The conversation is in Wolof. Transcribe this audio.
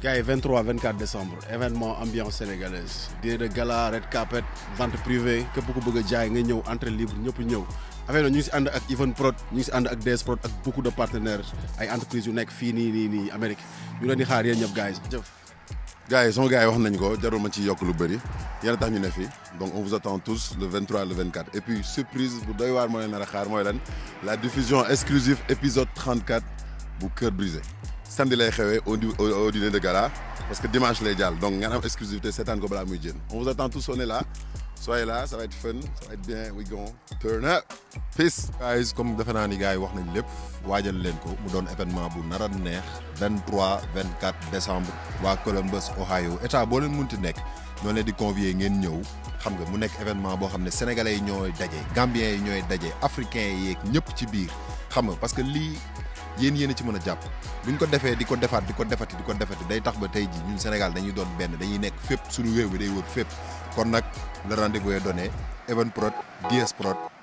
gars yi 23 24 décembre événement ambiance sénégalaise dîner de gala red carpet vente privée képp ku bëgg a jaay nga ñëw entrée libre ñëpp ñëw affaire ñu ngi si ànd ak Even Prod ñu ngi si ànd ak DS Prod ak beaucoup de partenaires ay entreprises yu nekk fii nii nii nii Amérique ñu leen di xaar yéen ñëpp gars yi jëf gars yi yi wax nañ ko jarul ma ci yokk lu bëri yéen a tax ñu ne fii donc on vous attend tous le 23 le 24 et puis surprise bu doy waar moo leen nar a xaar mooy lan la diffusion exclusive épisode 34 bu Cœur brisé samedi lay xewee au de gala parce que dimanche lay jàll donc ngeen am exclusivité seetaan ko balaa muy jën on vous attend tous on est là soyez là ça va être bien we go turn up peace. comme defe naa ni yi wax nañ lépp waajal leen ko mu doon événement bu nar a neex 23 24 décembre waa Columbus Ohio état boo leen munti nekk ñoo leen di convier ngeen ñëw. xam nga mu nekk événement boo xam ne sénégalais yi ñooy daje gambiens yi ñooy daje africains yi ñëpp ci biir xam yéen yéen a ci mën a jàpp bu ñu ko defee di ko defaat di ko defati di ko defati day tax ba tey ji ñun Sénégal dañuy doon benn dañuy nekk fépp suñu réew bi day wër fépp kon nag le rendez-vous est donné Evenprod DS Prod